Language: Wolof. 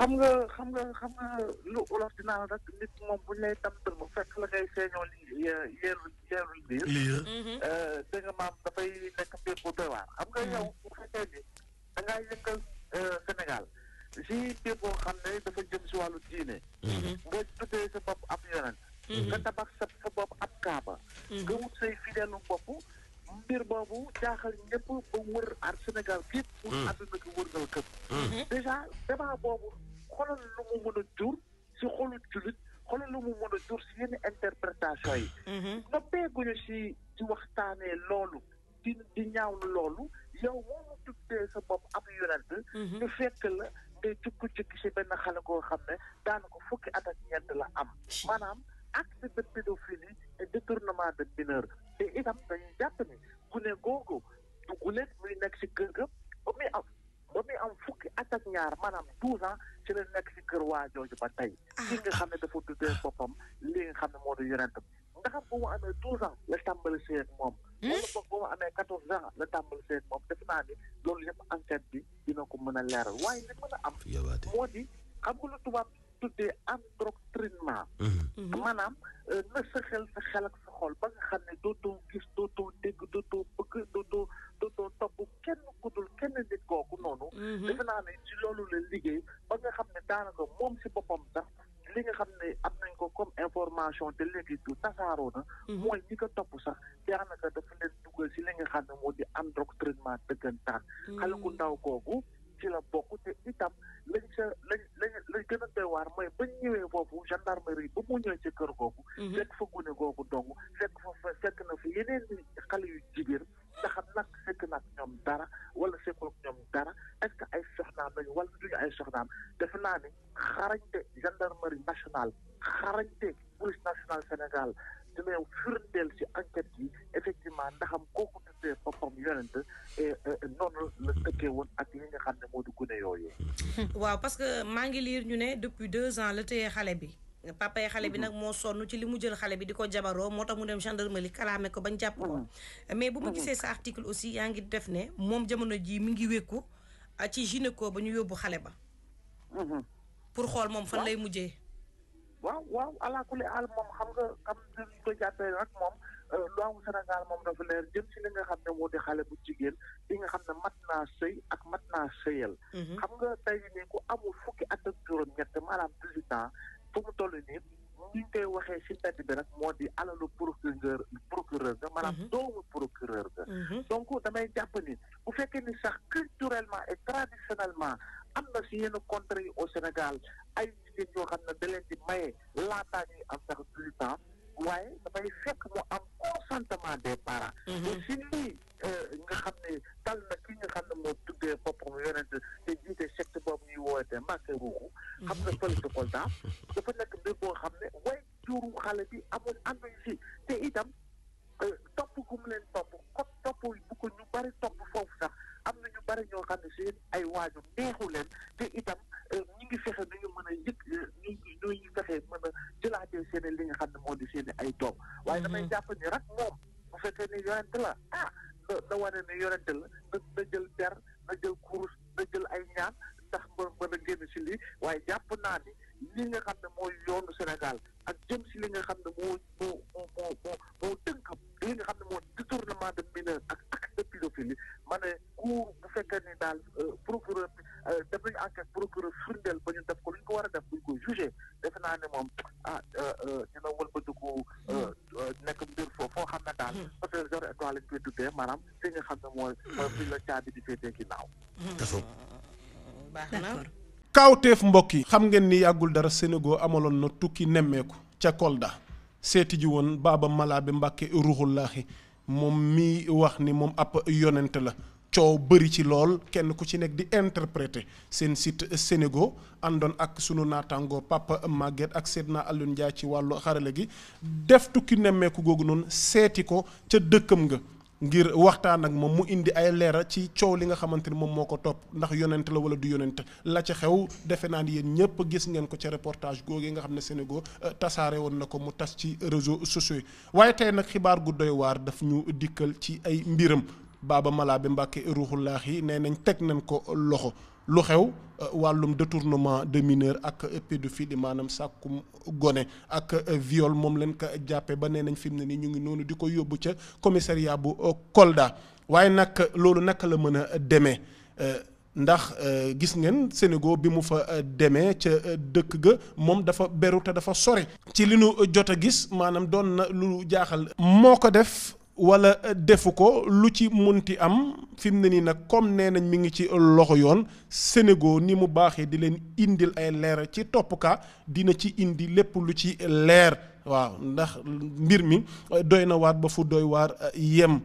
xam nga xam nga xam nga lu olof di naan rek nit moom bu ñu lay tam bu fekk la ngay feeñoo li yeeru yeeru biir. lii mhm. euh, dégg nga maam dafay nekk mbir bu doy waar xam nga mhm. yow bu fekkee ni da ngaa yëngal euh, Sénégal si mbir xam ne dafa jëm si wàllu diine. Mhm. nga tuddee sa bopp ab yonent. nga tabax sa sa bopp ab kaaba. nga wut say fidèlu bopp. mbir boobu jaaxal ñëpp ba wër ar Sénégal gépp pour àdduna ko wërngal këpp déjà débat boobu xoolal lu mu mën a jur si xolu jullit xoolal lu mu mën a jur si yenn interprétation yi mm-hmm. noppee guñu si ci waxtaanee loolu di di loolu yow moo mu tuddee sa bopp am yonent mm-hmm. ñu fekk la ngay jukki-jukki si benn xale koo xam ne daanaka fukki at ak ñett la am maanaam acte de pédophilie et détournement de mineur te itam dañuy jàpp ni gune googu ñaar maanaam douze ans ci la nekk ci kër waa jooju ba tey ah. ki nga xam ne dafa tuddee ah. boppam li nga xam ne moo di yonentam nga xam amee douze ans la tàmbali seet moom hmm? wala boog bu mu amee quatorze ans la tàmbali seet moom def naa ni loolu yëpp enquête bi dina ko mën a leeral waaye li mën a am moo di xam nga lu tubaab tuddee endoctrinement hmm. Hmm. maanaam euh, na sa xel sa xel loolu la liggéey ba nga xam ne daanaka moom si boppam sax li nga xam ne am nañ ko comme information te léegi du tasaaroo na. Mhm. mooy ñi ko topp sax daanaka dafa leen dugal si li nga xam ne moo di endoctrinement dëggantaan. Mhm. xale ku ndaw kooku ci la bokk te itam lañ sa lañ lañ lañ gën a doy waar mooy ba ñëwee foofu gendarmerie ba mu ñëwee ci googu. Mhm. fekk fa googu dong Sénégal xarañte police nationale Sénégal dina yow firndeel ci enquête yi effectivement ndaxam kooku tuddee boppam yonent et eh, eh, noonu la tëkkee woon ak li nga xam ne moo di gune yooyee waaw parce que maa ngi liir ñu ne depuis deux ans la téye xale bi papa xale bi mhm. nag moo sonn ci li mu jël xale bi di ko jabaroo moo tax mu dem gendarmerie kalaame ko ba jàpp ko mhm. mais bu ma mhm. gisee sa article aussi yaa ngi def ne moom jamono ji mi ngi wékku ah, ci gynéco ba ñu yóbbu xale ba xool moom fan lay waaw waaw alaakulli aal moom xam nga xam nga ñu ko jàppee rek moom euh, loi Sénégal moom dafa leer jëm si li nga xam ne moo di xale bu jigéen li nga xam ne mat naa sëy ak mat naa sëyal. Mhm. xam nga tey nii ku amul fukki at ak juróom-ñett maanaam 18 ans fu mu toll koy waxee si mbedd bi rek moo di alalu procureur procureur ga maanaam mhm. doomu procureur ga mhm. donc damay jàpp ni bu fekkee ni sax culturellement et traditionnellement. am na si yenn contre yi au Sénégal ay jigéen yoo xam ne da leen di maye laataa ñuy am sax huit ans waaye dafay fekk mu am consentement des parents. Mhm. te si lii euh, nga xam ne tal na ki nga xam ne moo tuddee boppam yonent te jiite secte boobu ñuy woowatee Mbacke Ruuxu. xam na fële ca Kolda dafa nekk mbir boo xam ne way juru xale bi amul ànd si te itam euh, topp gu mu leen topp. xam ne seen ay waajur neexu leen te itam euh, ñi ngi fexe dañu mën a yëg ñu euh, ñuy fexe mën a jëlaatee seen li nga xam ne moo di seen ay doom mm-hmm. waaye damay jàpp ni rek moom bu fekkee ne yonent la ah na na wane ne la na jël per na jël kurus na jël ay ñaan ndax mën mën a génn si lii waaye jàpp naa ni li nga xam ne mooy yoonu Sénégal ak jëm si li nga xam ne moo moo xam ne cour bu fekkee ni daal euh, procureur euh, def nañu enquête ñu def ko lu ko war a def bu ñu naa ne moom ah euh, dina wëlbatiku hmm. nekk mbir foofu foo xam hmm. maanaam fi nga xam ne hmm. mbokk yi xam ngeen ni yàggul dara Sénégal amaloon na tukki nemmeeku ca Kolda seeti ji woon Baaba Malaabe Mbàkke ruuxullaahi moom mi wax ni moom ab yonent la coow bëri ci lool kenn ku ci nekk di interpréter seen sit Sénégo àndoon ak sunu naataango Papa màgget ak seet na Alioune Ndiaye ci wàllu xarale gi def tukki nemmeeku googu noonu seeti ko ca dëkkam nga ngir waxtaan ak moom mu indi ay leera ci coow li nga xamante ni moom moo ko topp ndax yonent la wala du yonent la ca xew defe naa ni yéen ñëpp gis ngeen ko ca reportage googee nga xam ne Sénégal euh, tasaare woon na ko mu tas ci réseau sociaux yi waaye tey nag xibaar gu doy waar daf ñu dikkal ci ay mbiram baaba malaa bi mbàkke ruuxulaax yi nee nañ teg nañ ko loxo lu xew euh, wàllum détournement de mineur ak pédophilie maanaam sàkkum gone ak euh, viol moom leen ko jàppe ba nee nañ fi mu ne nii ñu ngi noonu di ko yóbbu ca commissaria bu euh, Kolda waaye nag loolu naka la mën a demee ndax gis ngeen Sénégal bi mu fa demee ca dëkk ga moom dafa beru te dafa sore ci li nu jot a gis maanaam doon na lu jaaxal moo ko def wala euh, defu ko lu ci munti am fi mu ne nii nag comme nee nañ mi ngi ci loxo yoon sénégo ni mu baaxee di leen indil ay leer ci topp ka dina ci indi lépp lu ci leer waaw ndax mbir mi euh, doy na waar ba fu doy waar euh, yem